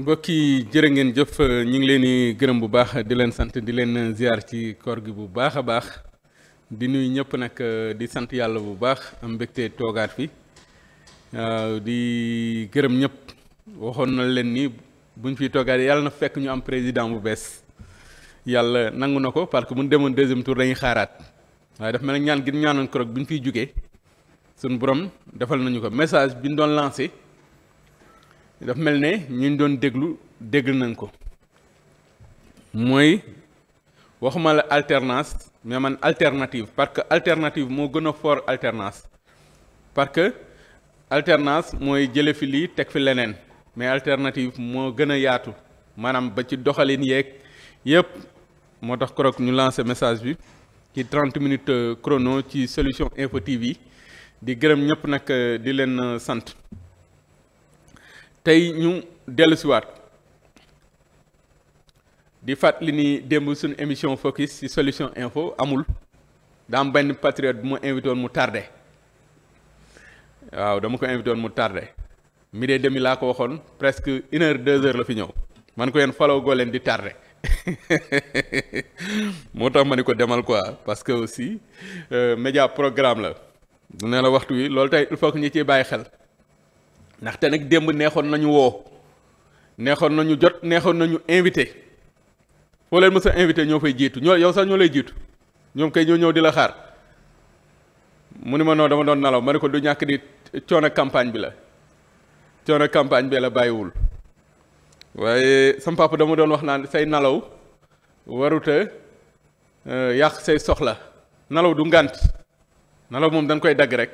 mbokk yi jërë ngeen jëf ñu ngi leen di gërëm bu baax di leen sant di leen ziar ci koor gi bu baax a baax di nuyu ñëpp nag di sant yàlla bu baax am mbégte toogaat fi di gërëm ñëpp waxoon na leen ni buñ fi toogaat yàlla na fekk ñu am président bu bees yàlla nangu na ko parce que bu ñu demoon deuxième tour dañuy xaaraat waaye daf mel ne ñaan gi ñaanoon korog bi ñu fiy jugee suñu borom defal nañu ko message bi ñu doon lancé. daf mel ne ñu doon déglu dégg nañ ko mooy waxuma la alternance mais man alternative parce que alternative moo gën a fort alternance parce que alternance mooy jële fi lii teg fi leneen mais alternative moo gën a yaatu maanaam ba ci doxalin yeeg yépp moo tax korok ñu lancé message bi ci 30 minutes chrono ci solution info TV di gërëm ñëpp nag di leen sant tey ñu dellusiwaat di fàttali ni démb suñu émission focus ci solution info amul daam benn patriote bu ma invité woon mu tardé waaw dama ko invité woon mu tardé midi demi laa ko waxoon presque une heure deux heures la fi ñëw man ko yéen falaw goo leen di tardé moo tax ma ni ko demal quoi parce que aussi euh, média programme la dina la waxtu wi loolu tey il faut que ñu ciy bàyyi xel. ndaxte nag démb neexoon nañu woo neexoon nañu jot neexoon nañu invité foo leen mës invité ñoo fay jiitu ñoo yow sax ñoo lay jiitu ñoom kay ñoo ñëw di la xaar mu ni ma noo dama doon nalaw ma ne ko du ñàkk di coono campagne bi la coono campagne bi la bàyyiwul waaye sam dama doon wax naa say nalaw waruta euh, yàq say soxla nalaw du ngànt nalaw moom dañ koy dagg rek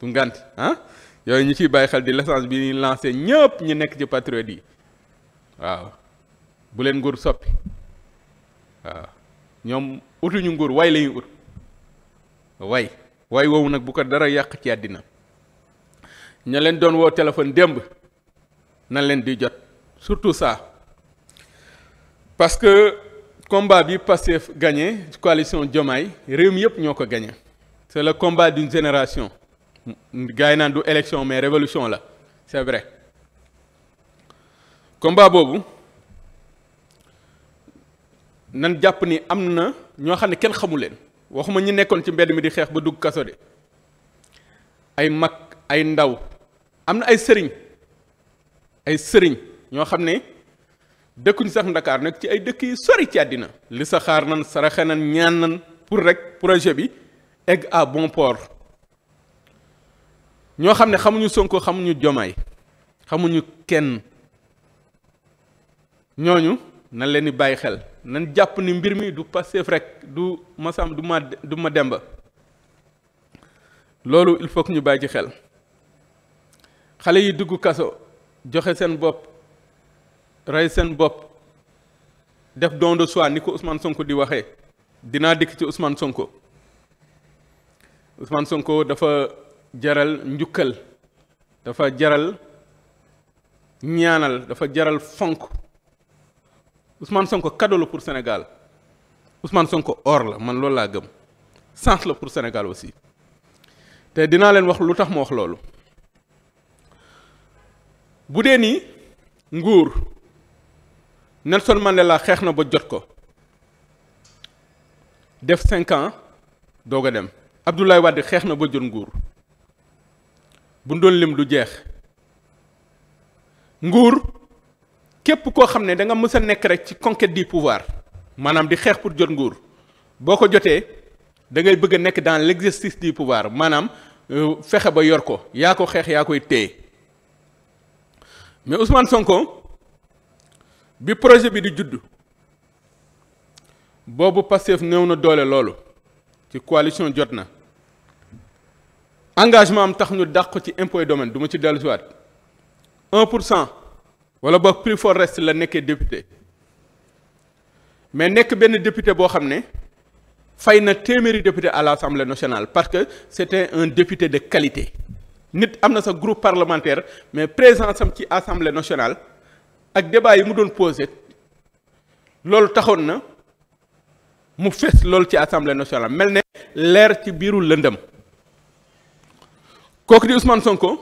du ngànt ah? yooyu ñu ci bàyyi xel di l'essence bi ñuy lancé ñëpp ñu nekk ci patriote yi waaw bu leen nguur soppi waaw ñoom utuñu nguur way lañuy ut way way woowu nag bu ko dara yàq ci àddina ña leen doon woo téléphone démb na leen di jot surtout ça parce que combat bi Pastef gagné coalition Diomaye réew mi yëpp ñoo ko gagné c'est la combat d'une génération gars yi naan du élection mais révolution la c'est vrai combat boobu nan jàpp ni am na ñoo xam ne kenn xamu leen waxuma ñi nekkoon ci mbedd mi di xeex ba dugg kaso de ay mag ay ndaw am na ay sëriñ ay sëriñ ñoo xam ne dëkkuñ sax Ndakaar nag ci ay dëkk yi sori ci àddina li saxaar xaar nan saraxe nan ñaan nan pour rek projet bi egg à bon port ñoo xam ne xamuñu Sonko xamuñu Jomaay xamuñu kenn ñooñu na leen di bàyyi xel nan jàpp ni mbir mi du Pastef rek du masam du ma dem ba loolu il faut ñu bàyyi ci xel xale yi dugg kaso joxe seen bopp rey seen bopp def don de soi ni ko Ousmane Sonko di waxee dinaa dikk ci Ousmane Sonko Ousmane Sonko dafa jaral njukkal dafa jaral ñaanal dafa jaral fonk Ousmane Sonko cadeau la pour Sénégal Ousmane Sonko or la man loolu laa gëm sens la pour Sénégal aussi te dinaa leen wax lu tax ma wax loolu bu dee nii nguur Nelson laa xeex na ba jot ko def cinq ans doog a dem Abdoulaye Wade xeex na ba jot nguur bu doon lim du jeex nguur képp koo xam ne da nga mës a nekk rek ci conquête di pouvoir maanaam di xeex pour jot nguur boo ko jotee da ngay bëgg a nekk dans l'exercice du pouvoir maanaam euh, fexe ba yor ko yaa ko xeex yaa koy téye mais Ousmane Sonko bi projet bi di juddu boobu Pastef néew na doole loolu ci coalition jot na. engagement am tax ñu dàq ko ci impôt domaine du ma ci dellusiwaat un pour cent wala boog plus fort reste la nekkee député mais nekk benn député boo xam ne fay na téeméeri député à l'Assemblée nationale parce que c'était un député de qualité nit am na sa groupe parlementaire mais présence sam ci Assemblée nationale ak débat yi mu doon posé loolu taxoon na mu fees loolu ci Assemblée nationale mel ne leer ci biiru lëndëm kooku di Ousmane Sonko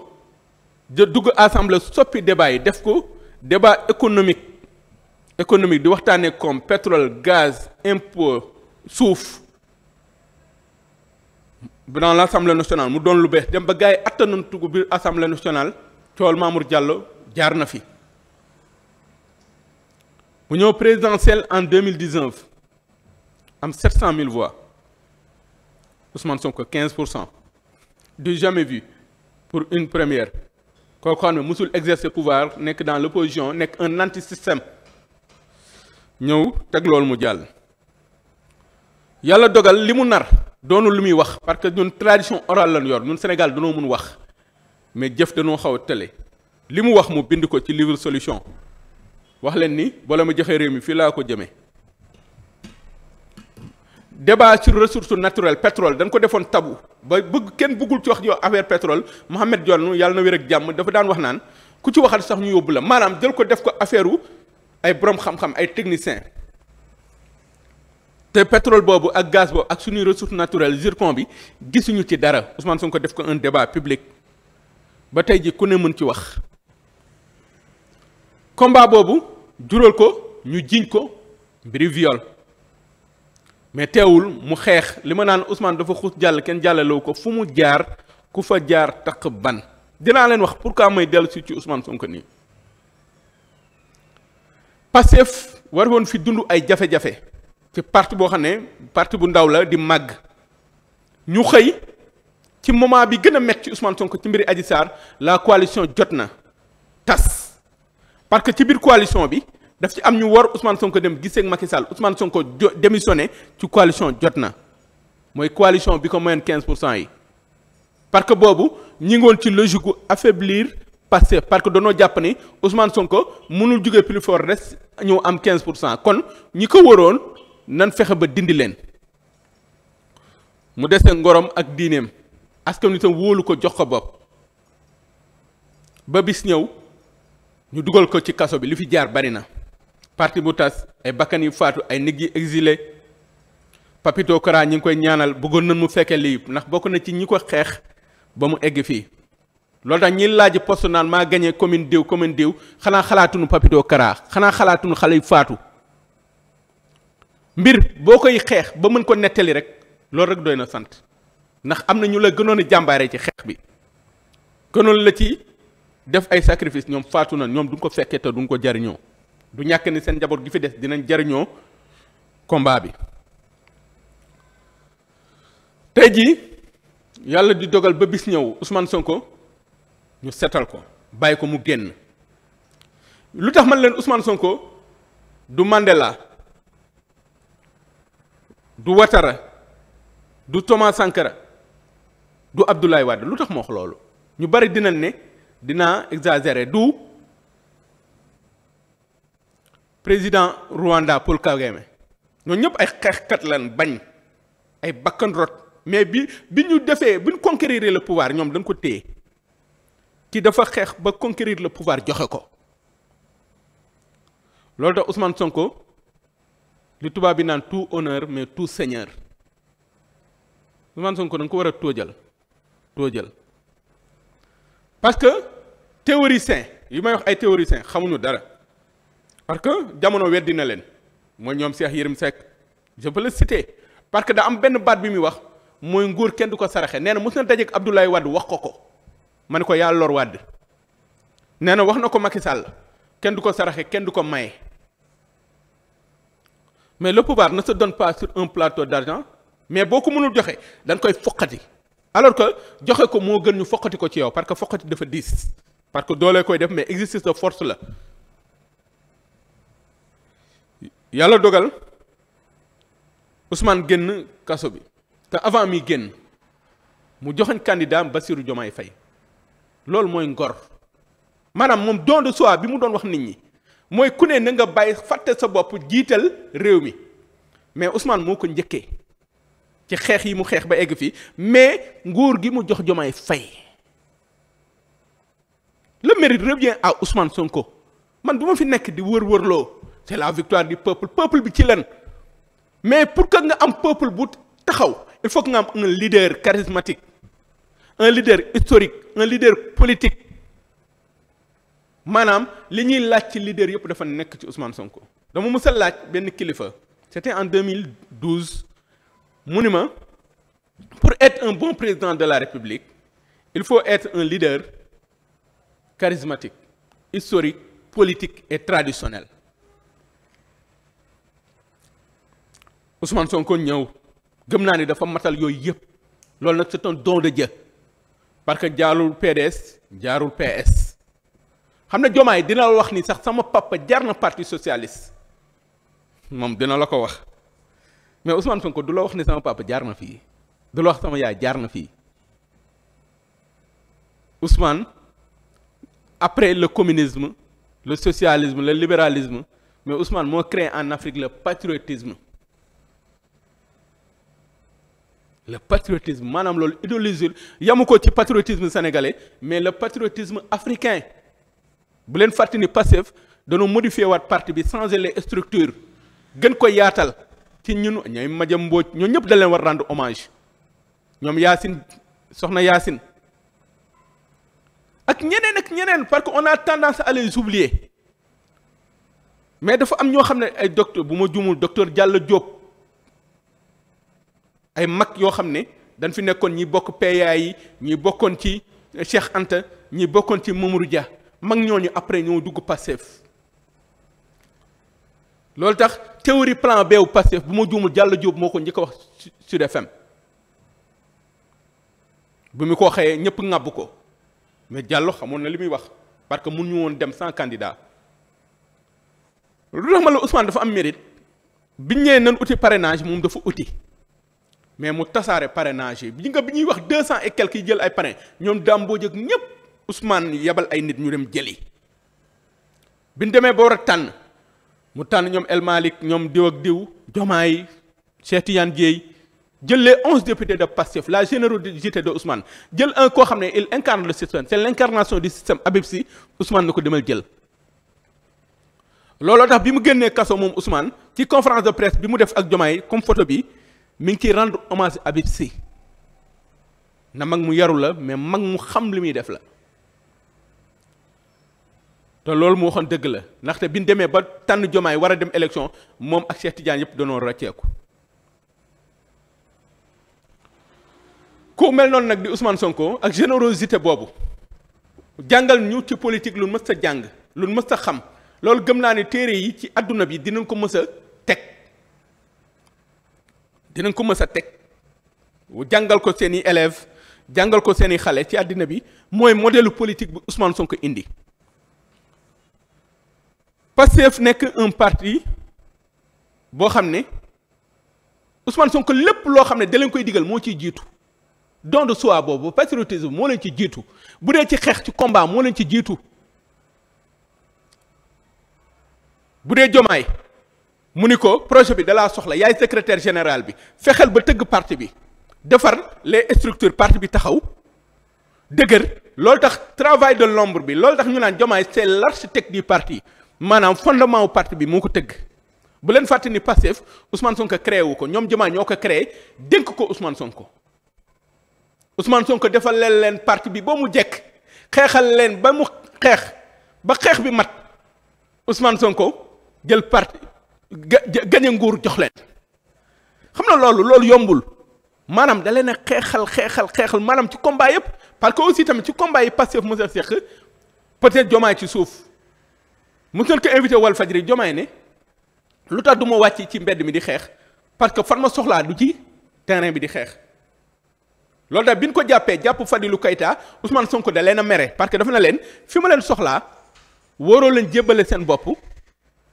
da dugg assemblée soppi débat yi def ko débat économique économique di waxtaanee comme pétrole gaz impôt suuf dans l' assemblée nationale mu doon lu bees dem ba gars yi attanuñ bi biir assemblée nationale cool Mamour Diallo jaar na fi. mu ñëw présidentielle en deux mille dix neuf am sept cent mille voix Ousmane Sonko quinze pour cent du jamais vu. pour une première koo xam ne mosul exercer pouvoir nekk dans l'opposition nekk un anti-système ñëw teg loolu mu jàll yàlla dogal li mu nar doonu lu muy wax parce que ñun tradition orale lañ yor ñun Sénégal danoo mun wax mais jëf danoo xaw a tële li mu wax mu bind ko ci livre solution wax leen ni bala ma joxe réew mi fii laa ko jëmee débat sur ressources naturelles pétrole dañ ko defoon tabu ba bëgg kenn bëggul ci wax yoo affaire pétrole Mohamed Dionne yàlla na wér ak jàmm dafa daan wax naan ku ci waxal sax ñu yóbbu la maanaam jël ko def ko affaire ay borom xam-xam ay technicien te pétrole boobu ak gaz boobu ak suñuy ressources naturelles zircon bi gisuñu ci dara suñ ko def ko un débat public ba tey ji ku ne mën ci wax combat boobu jural ko ñu jiñ ko briviole mais teewul mu xeex li ma naan Ousmane dafa xuus jàll kenn jàllalewu ko fu mu jaar ku fa jaar taq ban dinaa leen wax pour pourquoi may dellu si ci Ousmane sonk nii Pastef war woon fi dund ay jafe-jafe ci parti boo xam ne parti bu ndaw la di màgg ñu xëy ci moment bi gën a métti ci Ousmane Sonko ci mbiri Adji la coalition jot na tas parce que ci biir coalition bi daf ci am ñu war Ousmane Sonko dem gisee ak Macky Sall Ousmane jo démissionné ci coalition jot na mooy coalition bi ko moyen 15 pour cent yi parce que boobu ñi ngi woon ci logique gu affaiblir Pastef parce que danoo jàpp ni Ousmane Sonko mënul jugee plus fort des ñëw am 15 pour cent kon ñi ko waroon nan fexe ba dindi leen mu dese ngorom ak diineem askan wi tam wóolu ko jox ko bopp ba bis ñëw ñu dugal ko ci kaso bi li fi jaar bari na. parti bu tas ay bakkan yu faatu ay nit yi exilé Papito karaa ñi ngi koy ñaanal bëggoon na mu fekkee lii ndax bokk na ci ñi ko xeex ba mu egg fii loolu tax ñi laaj post naan maa gañee commune diw commune diw xanaa xalaatuñu Papito karaa xanaa xalaatuñu xale yu faatu mbir boo koy xeex ba mën ko nettali rek loolu rek doy na sant ndax am na ñu la gënoon jàmbaare ci xeex bi gënoon la ci def ay sacrifice ñoom faatu na ñoom duñ ko fekkee te duñ ko jariñoo du ñàkk ni seen njaboot gi fi des dinañ jariñoo kombaa bi tey jii yàlla di dogal ba bis ñëw Ousmane Sonko ñu setal ko bàyyi ko mu génn lu tax man leen Ousmane Sonko du Mandela du Ouattara du Thomas sànkara du Abdoulaye Wade lu tax ma loolu ñu bari dinañ ne dinaa exagérer du. président Rwanda Paul Kagame ñoo ñëpp ay xeexkat lan bañ ay bakkan rot mais bi bi ñu defee bi ñu conquérir le pouvoir ñoom dañ ko téye ki dafa xeex ba conquérir la pouvoir joxe ko loolu tax Ousmane Sonko li tubaab bi naan tout honneur mais tout seigneur Ousmane Sonko da nga ko war a tóojal tóojal parce que théoricien yi may wax ay théoricien xamuñu dara. parce que jamono weddi na leen mooy ñoom seex Yérim Seck je peux le citer parce que da am benn baat bi muy wax mooy nguur kenn du ko saraxe nee na mos na dajeeg Abdoulaye Wade wax ko ko ma ne ko yaa lor Wade nee na wax na ko Macky Sall kenn du ko saraxe kenn du ko maye mais le pouvoir na se donne pas sur un plateau d'argent mais boo ko mënul joxe dañ koy foqati alors que joxe ko moo gën ñu foqati ko ci yow parce que foqati dafa diis parce que doolee koy def mais exercice de force la yàlla dogal usmaan génn kaso bi te avant mi génn mu joxoñ candidat Bassirou Diomaye fay loolu mooy ngor maanaam moom doon de soi bi mu doon wax nit ñi mooy ku ne na nga bàyyi fàtte sa bopp jiital réew mi mais Ousmane moo ko njëkkee ci xeex yi mu xeex ba egg fi mais nguur gi mu jox Diomaye Faye le mérite revient à Ousmane Sonko man du ma fi nekk di wër-wërloo. c'est la victoire du peuple peuple bi ci lan mais pour que nga am peuple bu taxaw il faut que nga am un leader charismatique un leader historique un leader politique maanaam li ñuy laaj ci leader yëpp dafa nekk ci Ousmane Sonko dama mësa laaj benn kilifa c'était en 2012 mu ni ma pour être un bon président de la République il faut être un leader charismatique historique politique et traditionnel Ousmane Sonko ñëw gëm naa ni dafa matal yooyu yëpp loolu nag c'est un don de Dieu parce que jaarul PDS jaarul PS xam ne yi dina la wax ni sax sama papa jaar na partie socialiste moom dina la ko wax mais Ousmane Sonko du la wax ni sama papa jaar na fii du la wax sama yaay jaar na fii Ousmane après le communisme le socialisme la libéralisme mais Ousmane moo créé en Afrique le patriotisme le patriotisme maanaam loolu idéologie yamu ko ci patriotisme sénégalais mais le patriotisme africain bu leen fàttali ni Pastef dañoo modifié waat parti bi changé les structures gën ko yaatal ci ñun ñooy Madiame Mbodj ñoo ñëpp da leen war rendre hommage ñoom Yacine soxna Yacine ak ñeneen ak ñeneen parce que on a tendance à les oublier mais dafa am ñoo xam ne ay docteur bu ma jumul docteur Diallo Diop. ay mag yoo xam ne dañ fi nekkoon ñi bokk PA yi ñi bokkoon ci Cheikh Anta ñi bokkoon ci Mamadou Dia mag ñooñu après ñoo dugg Pastef loolu tax théorie plan B wu Pastef bu ma juumul Diallo Diop moo ko njëkk wax Sud FM bu mu ko waxee ñëpp ŋàbb ko mais Diallo xamoon na li muy wax parce que mun ñu woon dem sans candidat lu tax ma la Ousmane dafa am mérite biñ ñëwee nan uti parrainage moom dafa uti. mais mu tasaare parrainage yi bi nga bi ñuy wax deux cent et quelques yi jël ay parrain ñoom dàmboo jëg ñépp Ousmane yebal ay nit ñu dem jëli bi ñu demee ba war a tànn mu tànn ñoom El Malick ñoom diw ak diw Jomaay Cheikh Tidiane Dièye jël les onze députés de Pastef la générosité de Ousmane jël un koo xam ne il incarne le système c'est l'incarnation du système Habib Sy Ousmane na ko demal jël looloo tax bi mu génnee kaso moom Ousmane ci conférence de presse bi mu def ak Jomaay comme photo bi mi ngi ciy rendre hommage Habib Sy na mag mu yaru la mais mag mu xam li muy def la te loolu mu waxoon dëgg la ndaxte bi ñu demee ba tànn jomaay war a dem élection moom ak Cheikh Tidiane yëpp danoo racceeku ku mel noonu nag di Ousmane Sonko ak générosité boobu jàngal ñu ci politique lu mës a jàng lu mës a xam loolu gëm naa ne téere yi ci àdduna bi dinañ ko mës a dinañ ko mës a teg jàngal ko seeni i élèves jàngal ko seeni xale ci àddina bi mooy modèle politique bu Ousmane Sonko indi Pastef nekk un parti boo xam ne Ousmane Sonko lépp loo xam ne da koy digal moo ciy jiitu don de soi boobu patriotisme moo leen ci jiitu bu dee ci xeex ci combat moo leen ci jiitu bu dee jomaay mu ni ko projet bi da laa soxla yaay secrétaire général bi fexeel ba tëgg parti bi defar les structures parti bi taxaw dëgër loolu tax travail de l'ombre bi loolu tax ñu naan Diomaye c'est l'architecte du parti maanaam fondement wu parti bi moo ko tëgg bu leen fàtte ni Pastef Ousmane Sonko créé wu ko ñoom Diomaye ñoo ko créé dénk ko Ousmane Sonko usman Sonko defal leen leen parti bi ba mu jekk xeexal leen ba mu xeex ba xeex bi mat Ousmane Sonko jël parti gañe nguur jox leen xam na loolu loolu yombul maanaam da leen a xeexal xeexal xeexal maanaam ci combat yëpp parce que aussi tamit ci combat yi Pastef mos a seq peut-être jomaay ci suuf mos nañ ko invité wal fajri jomaay ne lu tax du ma wàcc ci mbedd mi di xeex parce que fan ma soxlaa du ci terrain bi di xeex loolu daal bi nu ko jàppee jàpp Fadilou Keita Ousmane Sonko da leen a mere parce que dafa na leen fi ma leen soxlaa wóoroo leen jébbale seen bopp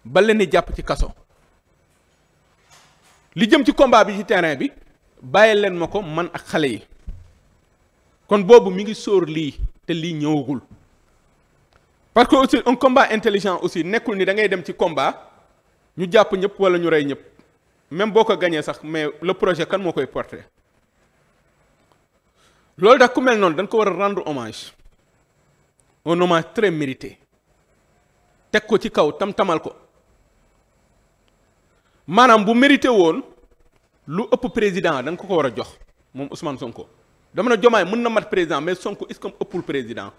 ba leen di jàpp ci kaso. li jëm ci combat bi ci terrain bi bàyyi leen ma ko man ak xale yi kon boobu mu ngi soor lii te lii ñëwagul parce que aussi un combat intelligent aussi nekkul ni da ngay dem ci combat ñu jàpp ñëpp wala ñu rey ñëpp même boo ko gañee sax mais le projet kan moo koy porter loolu dax ku mel noonu dañ ko war a rendre hommage un hommage très mérité teg ko ci kaw tam tamal ko maanaam bu mérité woon lu ëpp président da nga ko ko war a jox moom Ousmane Sonko dama ne Diomaye mën na mat président mais Sonko est-ce ëppul président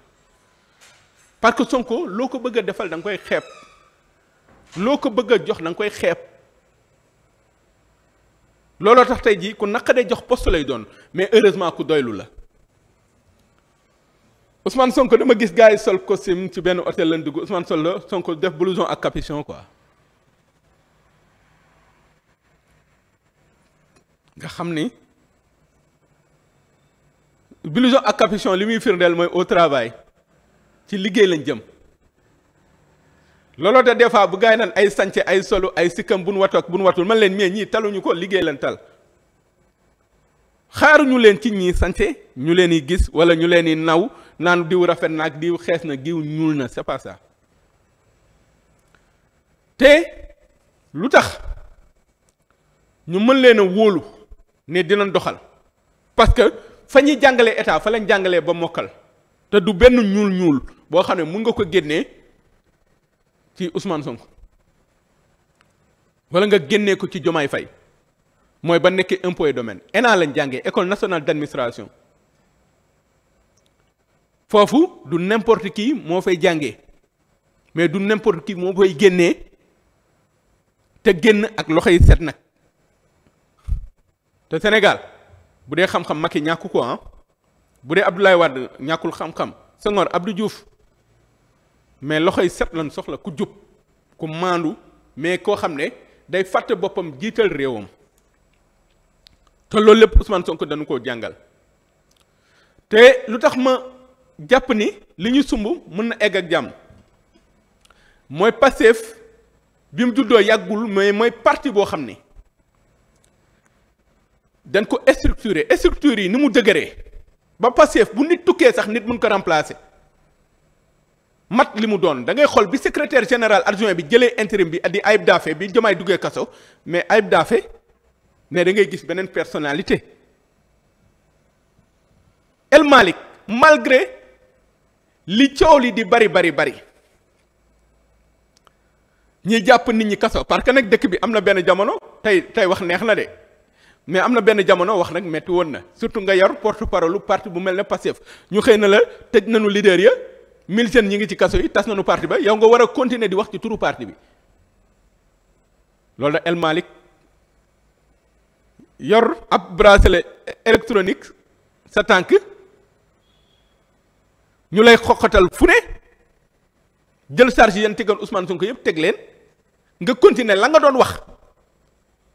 parce que Sonko loo ko bëgg defal da nga koy xeep loo ko bëgg a jox da nga koy xeeb looloo tax tey jii ku naqadee jox poste lay doon mais heureusement ku doylu la Ousmane Sonko dama gis gars yi sol costume ci benn hôtel lañ dugg Ousmane sol la Sonko def blouson ak capuchon quoi. nga xam ni blouson ak capuchon li muy firndeel mooy au travail ci liggéey lañ jëm looloo te des fois bu gaa yi naan ay sance ay solo ay sikkam bu nu watoo ak bu nu watul man leen mais ñii ñu ko liggéey leen tal xaaruñu leen ci ñii sance ñu leen di gis wala ñu leen di naw naan diw rafet na ak diw xees na diw ñuul na c'est pas te lu tax ñu mën leen a wóolu ne dinañ doxal parce que fa ñuy jàngalee état fa lañ jàngalee ba mokkal te du benn ñuul ñuul boo xam ne mun nga ko génnee ci Ousmane Sonko wala nga génnee ko ci Jomaay Fay mooy ba nekk impôt domaine enaa lañ jàngee école nationale d'administration foofu du n'importe kii moo fay jàngee mais du n'importe kii moo koy génnee te génn ak loxo yi set nag. te Sénégal bu dee xam-xam Macky ñàkku ko ah bu dee Abdoulaye Wade ñàkkul xam-xam Senghor Abdou Diouf mais loxoy set lan soxla ku jub ku maandu mais koo xam ne day fàtte boppam jiital réewam te loolu lépp Ousmane Sonko dañu koo jàngal te lu tax ma jàpp ni li ñu sumb mën na egg ak jàmm mooy Pastef bi mu juddoo yàggul mais mooy parti boo xam ni dañ ko structuré structure yi ni mu dëgëree ba Pastef bu nit tukkee sax nit mun ko remplacer mat li mu doon da ngay xool bi secrétaire général adjoint bi jëlee intérim bi di Ayib Daffé bi Diomaye duggee kaso mais Ayib Daffé mais da ngay gis beneen personnalité El Malick malgré li coow li di bari bari bari ñiy jàpp nit ñi kaso parce que nag dëkk bi am na benn jamono tey tey wax neex na de. mais am na benn jamono wax nag metti woon na surtout nga yor porte parole parti bu mel ne Pastef ñu xëy na la tëj nañu leader ya mille jeunes ñi ngi ci kaso yi tas nañu parti ba yow nga war a continuer di wax ci turu parti bi loolu da El Malick yor ab bracelet électronique sa tànk ñu lay xoqatal fu ne jël charge yéen tegoon usman Sonko yëpp teg leen nga continuer la nga doon wax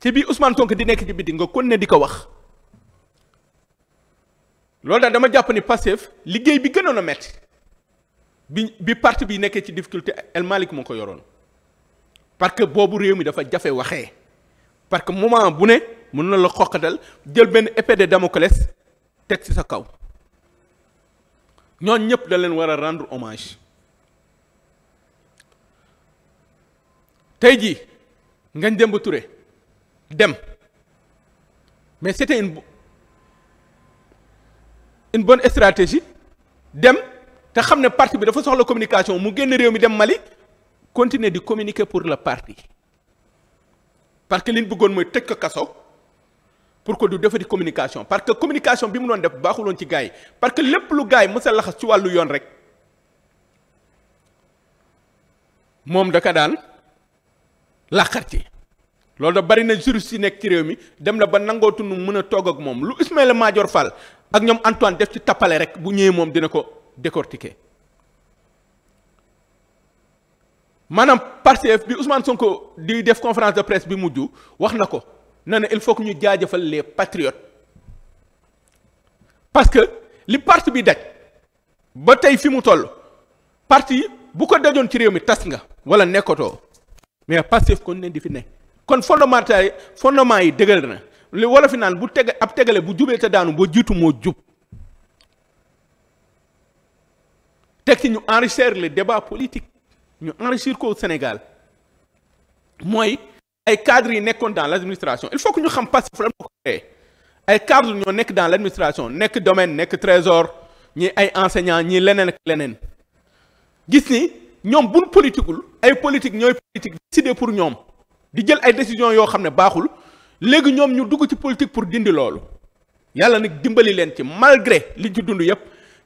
ci biir Ousmane Sonko di nekk ci biti nga kon ne di ko wax loolu daal dama jàpp ni Pastef liggéey bi gënoon a metti bi bi parti bi nekkee ci difficulté El Malick moo ko yoroon parce que boobu réew mi dafa jafe waxee parce que moment bu ne mën na la xoqatal jël benn épée de dama Damoclès teg ci sa kaw ñooñ ñëpp da leen war a rendre hommage tey ji Ngagne Demba ture dem mais c'était une une bonne stratégie dem te xam ne parti bi dafa soxla communication mu génn réew mi dem Mali continuer di communiquer pour le parti parce que li ñu bëggoon mooy tëj ko kaso pour que du defati communication parce que communication bi mu doon def baaxuloon ci gaay yi parce que lépp lu gars yi mës a laxas ci wàllu yoon rek moom da ka daan làqar ci loolu da bari na juriste yi nekk ci réew mi dem na ba nangootu nu mën a toog ak moom lu Ismaïla Madior fal ak ñoom Antoine def ci tappale rek bu ñëwee moom dina ko décortiquer maanaam Pastef bi Ousmane ko di def conférence de presse bi mujj wax na ko na il faut que ñu jaajëfal les patriotes parce que li parti bi daj ba tey fi mu toll parti bu ko dajoon ci réew mi tas nga wala nekkatoo mais Pastef kon ne di fi ne kon fondement yi fondement yi dëgër na li wolof naan bu teg ab tegale bu jubee te daanu boo jiitu moo jub teg ci ñu enrichir le débat politique ñu enrichir ko au Sénégal mooy ay cadres yi nekkoon dans l' administration il faut que ñu xam Pastef lan moo ko créé ay cadres ñoo nekk dans l' administration nekk domaine nekk trésor ñi ay enseignants ñi leneen ak leneen gis ni ñoom buñ politikul ay politique ñooy politique décidé pour ñoom di jël ay décision yoo xam ne baaxul léegi ñoom ñu dugg ci politique pour dindi loolu yàlla nag dimbali leen ci malgré liñ ci dund yépp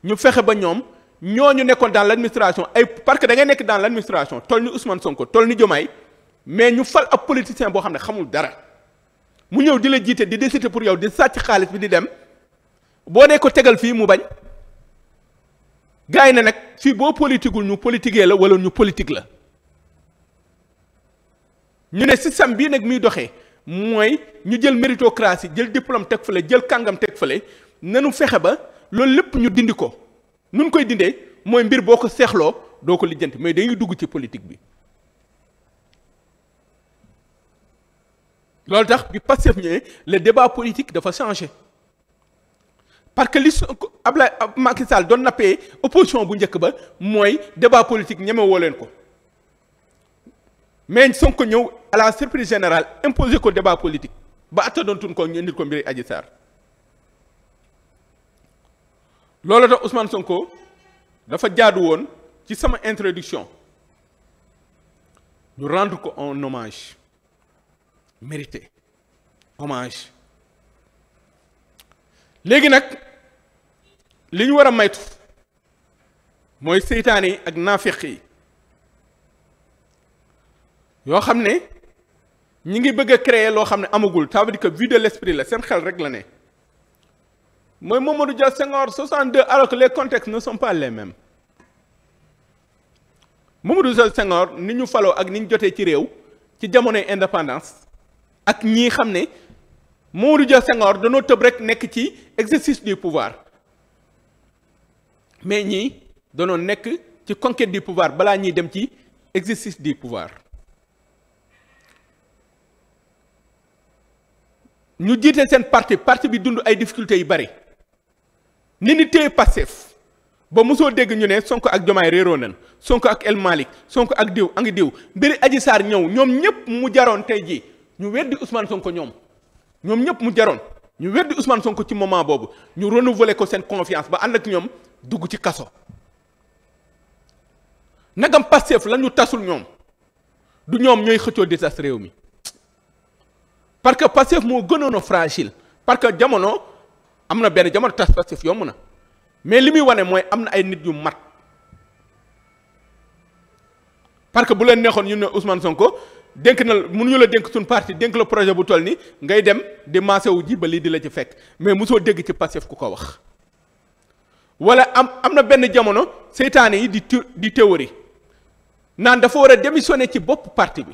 ñu fexe ba ñoom ñoo ñu nekkoon dans l'administration ay parce que da nekk dans l'administration toll ni Ousmane Sonko toll ni Diomaye mais ñu fal ab politicien boo xam ne xamul dara mu ñëw di la jiite di décider pour yow di sàcc xaalis bi di dem boo ne ko tegal fii mu bañ gars yi na nag fii boo politiqueul ñu politiquer la wala ñu politique la ñu ne système bii nag muy doxee mooy ñu jël mérito méritocratie jël diplôme teg fële jël kàngam teg fale nanu fexe ba loolu lépp ñu dindi ko nun koy dindee mooy mbir boo ko seexloo doo ko lijjanti mais dañuy dugg ci politique bi loolu tax bi Pastef ñëwee le débat politique dafa changé parce que li su Ablaye Macky Sall doon nappee opposition bu njëkk ba mooy débat politique ñeme leen ko mais Sonko ñëw à la surprise générale imposé ko débat politique ba attadoontun ko ñu indil ko mbiri Adji Sarr loolu tax Ousmane Sonko dafa jaadu woon ci sama introduction ñu rendre ko un hommage mérité hommage léegi nag li ñu war a maytu mooy seytaane yi ak naafeq yi yoo xam ne ñi ngi bëgg a créer loo xam ne amagul ça veut dire que vue de l'esprit la seen xel rek la ne mooy Mamadou Dia Senghor 62 alors que les contextes ne sont pas les mêmes Mamadou ni ñu faloo ak ni ñu jotee ci réew ci jamonoy indépendance ak ñii xam ne Mamadou Dia Senghor danoo tëb rek nekk ci exercice du pouvoir mais ñii danoo nekk ci conquête du pouvoir balaa ñuy dem ci exercice du pouvoir ñu jiite seen parti parti bi dund ay difficultés yu bari ni ni téye Pastef ba mosoo dégg ñu ne Sonko ak Jomaay réeroo nañ Sonko ak El Malick Sonko ak diw angi diw mbiri aji Sarr ñëw ñoom ñëpp mu jaroon tey jii ñu weddi Ousmane Sonko ñoom ñoom ñëpp mu jaroon ñu weddi Ousmane Sonko ci moment boobu ñu renouveler ko seen confiance ba ànd ak ñoom dugg ci kaso nagam Pastef la ñu tasul ñoom du ñoom ñooy xëccoo di tas réew mi. parce que Pastef moo gënoon a fragile parce que jamono am na benn jamono tas Pastef yomb na mais li muy wane mooy am na ay nit yu mat parce que bu leen neexoon ñu ne son ko dénk na mënuñu la dénk suñu parti dénk la projet bu toll ni ngay dem di maase wu ji ba lii di la ci fekk mais mosoo dégg ci Pastef ku ko wax wala am am na benn jamono seytaane yi di di théorie naan dafa war a démissionner ci bopp parti bi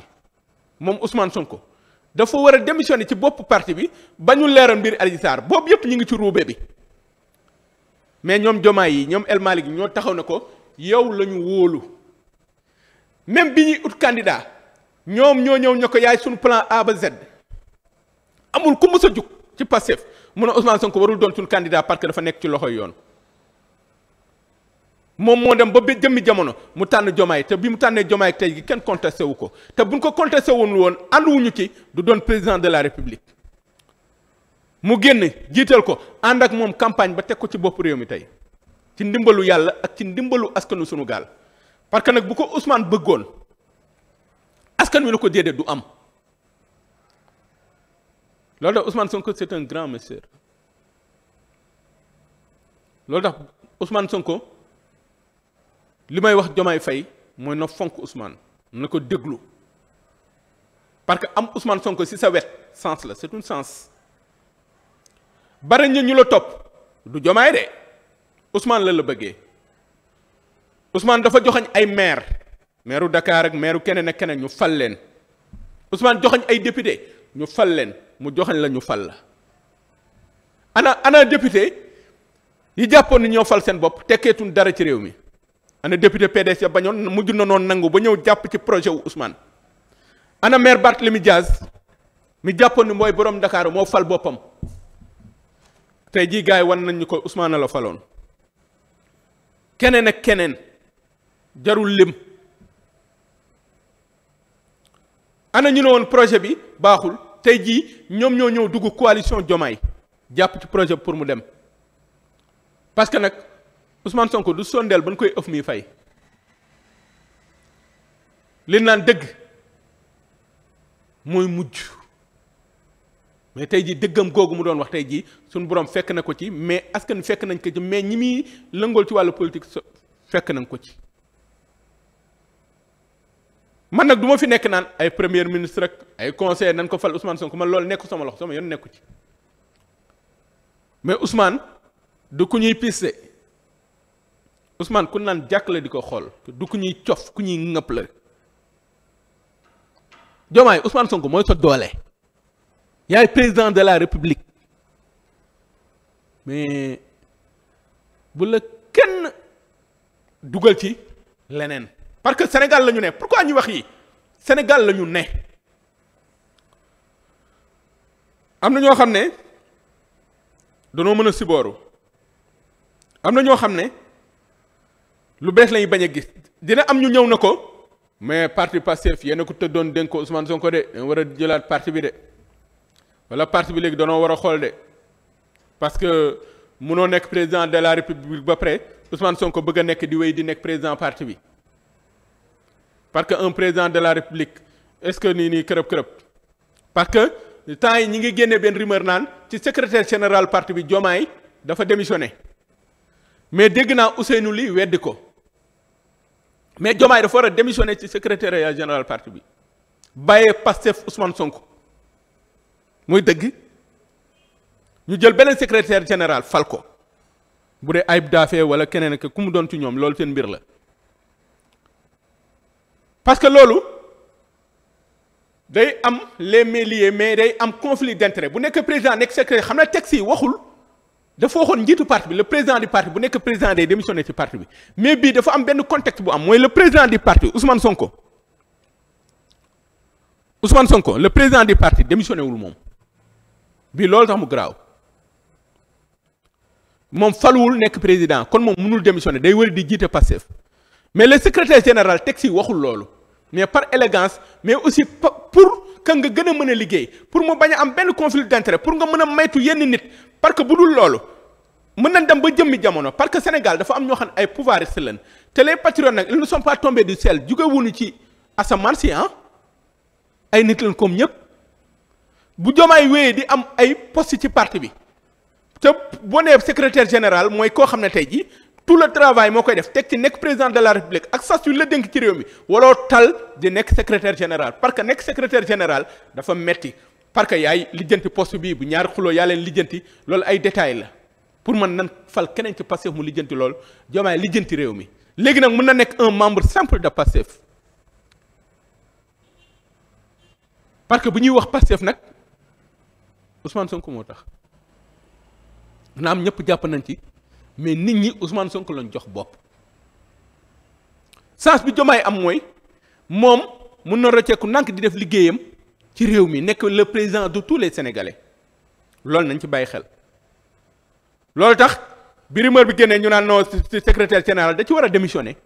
moom Ousmane ko dafa war a démissionner ci bopp parti bi ba ñu leeral mbir Adji Sarr boobu yëpp ñu ngi ci ruube bi mais ñoom jomaa yi ñoom El Malick ñoo taxaw na ko yow la ñu wóolu même bi ñuy ut candidat ñoom ñoo ñëw ña ko yaay suñu plan A Z amul ku mës a jug ci Pastef mun a Ousmane Sonko warul doon suñu candidat parce que dafa nekk ci loxo yoon moom moo dem ba ba jëmmi jamono mu tànn jomaay te bi mu tànnee jomaay tey gi kenn contesté wu ko te bu buñ ko contesté woon woon ànduwuñu ci du doon président de la république mu génn jiital ko ànd ak moom campagne ba teg ko ci bopp réew mi tey ci ndimbalu yàlla ak ci ndimbalu askanu sunu gaal parce que nag bu ko usmaan bëggoon askan wi la ko déedéet du am loolu tax usmaan Sonko c'est un grand monsieur loolu tax Ousmane Sonko. li may wax Diomaye fay mooy na fonk Ousmane na ko déglu parce que am Ousmane sonk ci sa wet sens la c'est une sens bari na ñu la topp du Diomaye de Ousmane la la bëggee Ousmane dafa joxañ ay maire maireu Dakar ak maireu keneen ak keneen ñu fal leen Ousmane joxañ ay député ñu fal leen mu joxañ la ñu fal la ana ana député yi jàppoon ni ñoo fal seen bopp tekkeetun dara ci réew mi ana député PDS ya bañoon mujj na noon nangu ba ñëw jàpp ci projet wu Ousmane ana maire Barthélémy Diaz mi jàppoon ni mooy borom ndakaaru moo fal boppam tey jii gars yi wan nañ ñu ko Ousmane la faloon keneen ak keneen jarul lim ana ñu ne woon projet bi baaxul tey jii ñoom ñoo ñëw dugg coalition Jomaay jàpp ci projet bi pour mu dem parce que nag. Ousmane Sonko du sondeel ba ñu koy ëf muy fay li naan dëgg mooy mujj mais tey jii dëggam googu mu doon wax tey jii suñu borom fekk na ko ci mais askan fekk nañ ko ci mais ñi muy lëngool ci politique fekk nañ ko ci man nag du ma fi nekk naan ay premier ministre ak ay conseil nañ ko fal Ousmane Sonko man loolu nekku sama loxo sama yoon nekku ci mais Ousmane du ku ñuy piste Ousmane ku naan jàkkale di ko xool du ku ñuy cof ku ñuy ŋëpp la Diomaye Ousmane Sonko mooy sa doole yaay président de la république mais bu la kenn dugal ci leneen parce que Sénégal la ñu ne pourquoi ñuy wax yi Sénégal la ñu ne am na ñoo xam ne danoo mën a sibooru am na ñoo xam ne lu bees lañuy bañ a gis dina am ñu ñëw na ko mais parti Pastef yéen a ko tëddoon dénk ko Ousmane ko de war a jëlaat parti bi de wala parti bi léegi danoo war a xool de parce que munoo nekk président de la république ba pare Ousmane ko bëgg a nekk di wéy di nekk président parti bi parce que un président de la république est-ce que nii nii kërëb kërëb parce que temps yi ñi ngi génne benn rumeur naan ci secretaire général parti bi Diomaye dafa démissionné mais dégg naa Ousseynou Ly weddi ko. mais Diomaye dafa war a démissionner ci secrétariat général parti bi bàyyee Pastef Ousmane Sonko muy dëgg ñu jël beneen secretaire général fal ko bu dee Ayib Daffé wala keneen ak ku mu doon ci ñoom loolu seen mbir la parce que loolu day am les mêlées mais day am conflit d'intérêt bu nekk président nekk secrétaire xam na texte yi waxul. dafa waxoon njiitu parti bi le président du parti bu nekk président day démissionné ci parti bi mais bii dafa am benn contexte bu am mooy le président du parti Ousmane Sonko Ousmane Sonko le président du parti démissionné wul moom bii loolu tax mu graaw moom faluwul nekk président kon moom mënul démissionné day wëri di jiite Pastef mais le secrétaire général texte yi waxul loolu mais par élégance mais aussi pour que nga gën a mën a liggéey pour mu bañ am benn conflit d'intérêt pour nga mën a maytu yenn nit parce que bu dul mën nañ dem ba jëmmi jamono parce que Sénégal dafa am ñoo xam ne ay pouvoiristes lañ te les patriotes nag ils ne sont pas tombés du ciel jugewuñu ci asamaan si ah ay nit lañ comme ñëpp bu jomaay wéyee di am ay poste ci parti bi te boo nee secrétaire général mooy koo xam ne tey jii tout le travail moo koy def teg ci nekk président de la république ak sas yu la dénk ci réew mi waloo tal di nekk secrétaire général parce que nekk secrétaire général dafa metti parce que yaay lijjanti poste bii bu ñaari xuloo yaa lijjanti loolu ay détails la. pour man nan fal keneen ci Pastef mu lijjanti loolu Diomaye lijjanti réew mi léegi nag mun na nekk un membre simple de Pastef parce que bu ñuy wax Pastef nag Ousmane Sonko moo tax am ñëpp jàpp nañ ci mais nit ñi Ousmane Sonko lañ jox bopp sens bi Diomaye am mooy moom mun na rocceeku nank di def liggéeyam ci réew mi nekk le président de tous les Sénégalais loolu nañ ci bàyyi xel. loolu tax bi rumeur bi génnee ñu naan non secrétaire général da ci war a démissionner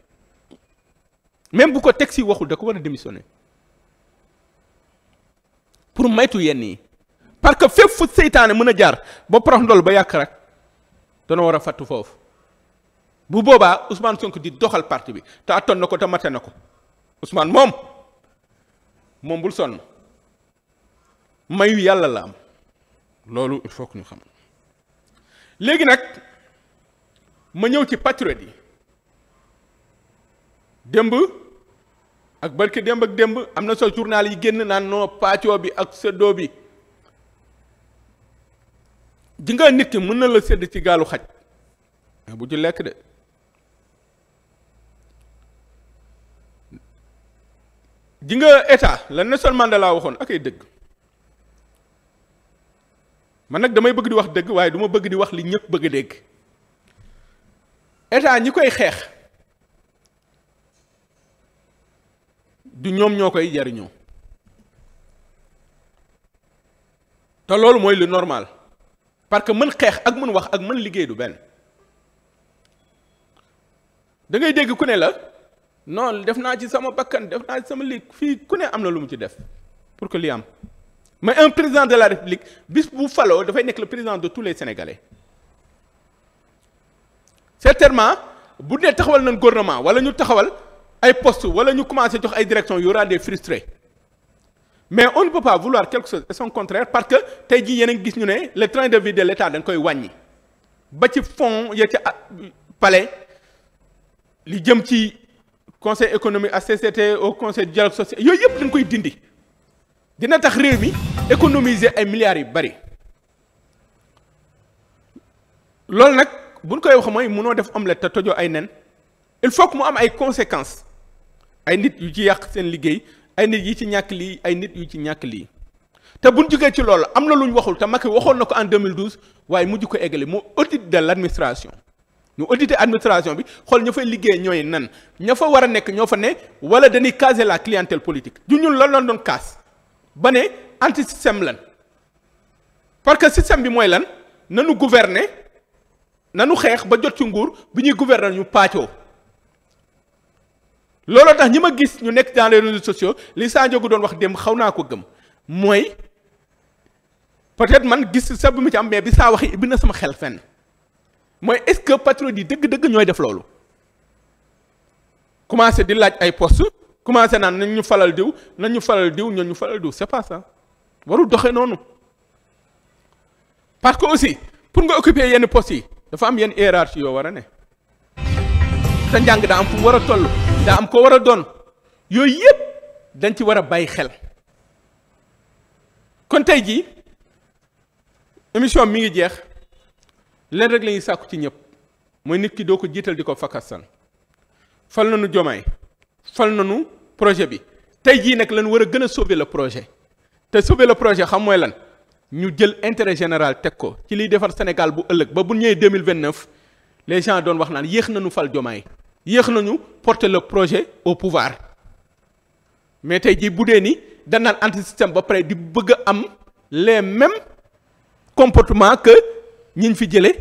même bu ko teg si waxul da ko war a démissionner pour maytu yenn yi parce que fépp fu seytaane mën a jaar ba prox ndol ba yàq rek dana war a fàttu foofu bu boobaa Ousmane sonk di doxal parti bi te atton na ko te mate na ko Ousmane moom moom bul sonn mayu yàlla la am loolu il faut ñu xam. léegi nag ma ñëw ci patriote yi démb ak barki démb ak démb am na sa journal yi génn naan noo paccoo bi ak séddoo bi ji nga nit ki mën na la sédd ci gaalu xaj bu ci lekk de ji nga état la Nelson Mandela waxoon ak ay dëgg man nag damay bëgg di wax dëgg waaye du bëgg di wax li ñëpp bëgg a dégg état ñi koy xeex du ñoom ñoo koy jariñoo te loolu mooy lu normal parce que mën xeex ak mën wax ak mën liggéey du benn dangay dégg ku ne la noon def naa ci sama bakkan def naa ci sama liig fii ku ne am na lu mu ci def pour que li am mais un président de la république bis bu faloo dafay nekk le président de tous les sénégalais certainement bu dee taxawal nañ gouvernement wala ñu taxawal ay post wala ñu commencé jox ay direction y aura des frustrés mais on ne peut pas vouloir quelque chose et son contraire parce que tey jii yéen a ngi gis ñu ne le train de vie de l'État dañ koy wàññi ba ci fonds ya ca ah, pale li jëm ci conseil économique HCCT au conseil dialogue social yooyu yëpp dañ koy dindi. dina tax réew mi économiser ay milliards yu bari loolu nag buñ koy wax mooy mënoo def omelette te tojoo ay nen il faut mu am ay conséquences ay nit yu ci yàq seen liggéey ay nit yi ci ñàkk lii ay nit yu ci ñàkk lii te buñ jógee ci loolu am na lu ñu waxul te Macky waxoon na ko en 2012 waaye mujj ko eggale mu audit de l' administration ñu audité administration bi xool ña fay liggéey ñooy nan ña fa war a nekk ñoo fa ne wala danuy caser la clientèle politique du ñun lan la doon caas. ba ne anti système lan parce que système bi mooy lan nanu gouverner nanu xeex ba jot ci nguur bi ñuy gouverner ñu paajoo looloo tax ñi ma gis ñu nekk dans les réseaux sociaux li Sa Ndiogou doon wax démb xaw naa ko gëm mooy peut-être man gis sa bi mu ci am mais bi saa waxi ibbi na sama xel fenn mooy est-ce que patriote yi dëgg-dëgg ñooy def loolu commencé di laaj ay poste commencé naan nañ ñu falal diw nañu ñu falal diw ñoo ñu falal diw c'est pas ça warul doxe noonu parce que aussi pour nga occuper yenn postes yi dafa am yenn hiérarchie yoo war a ne sa njàng daa am fu war a toll daa am ko war a doon yooyu yëpp dañ ci war a bàyyi xel kon tey ji émission mi ngi jeex leen rek la sàkku ci ñëpp mooy nit ki doo ko jiital di ko fakastan fal nañu jomaay fal nañu projet bi tey jii nag lan war a gën a sauver la projet te sauver la projet xam mooy lan ñu jël intérêt général teg ko ci liy defar Sénégal bu ëllëg ba bu ñëwee 2029 les gens doon wax naan yéex nañu fal jomaay yéex nañu porter le projet au pouvoir mais tey jii bu dee ni dañ naan système ba pare di bëgg am le mêmes comportement que ñiñ fi jëlee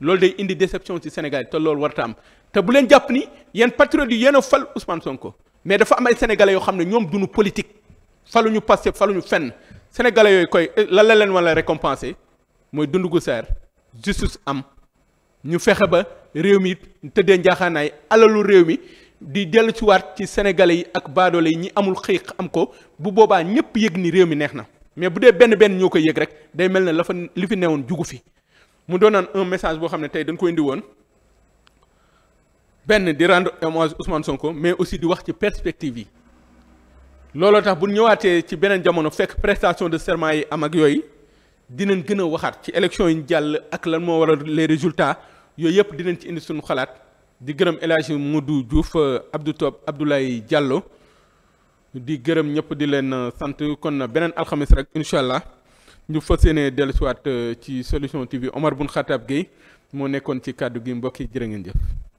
loolu day indi déception ci Sénégal te loolu warta am te bu leen jàpp ni yéen patriotes yi yéen a fal Ousmane ko mais dafa amay ay sénégalais yoo xam ne ñoom duñu politique faluñu falu ñu fenn sénégalais yooyu koy lan la leen wala récompenser mooy dund gu seer justice am ñu fexe ba réew mi tëddee njaaxaanaay alalu réew mi di dellu ci waat ci sénégalais yi ak baadoole yi ñi amul xiiq am ko bu boobaa ñëpp yëg ni réew mi neex na mais bu dee benn benn ñoo ko yëg rek day mel ne la fa li fi newoon jugu fi mu doonoon un message boo xam ne tey dañ ko indi woon. benn di rendre hommage Ousmane Sonko mais aussi di wax ci perspective yi looloo tax bu ñëwaatee ci beneen jamono fekk prestation de serment yi am ak yooyu dinañ gën a waxaat ci élection yi ñu jàll ak lan moo waral les résultats yooyu yëpp dinañ ci indi suñu xalaat di gërëm El Hadji Modou Diouf Abdou Top Abdoulaye jàlloo di gërëm ñëpp di leen sant kon beneen alxamis rek incha allah ñu fas yéene dellusiwaat ci solution TV Omar Bun Khatab Gueye moo nekkoon ci kàddu gi yi jërë ngeen jëf.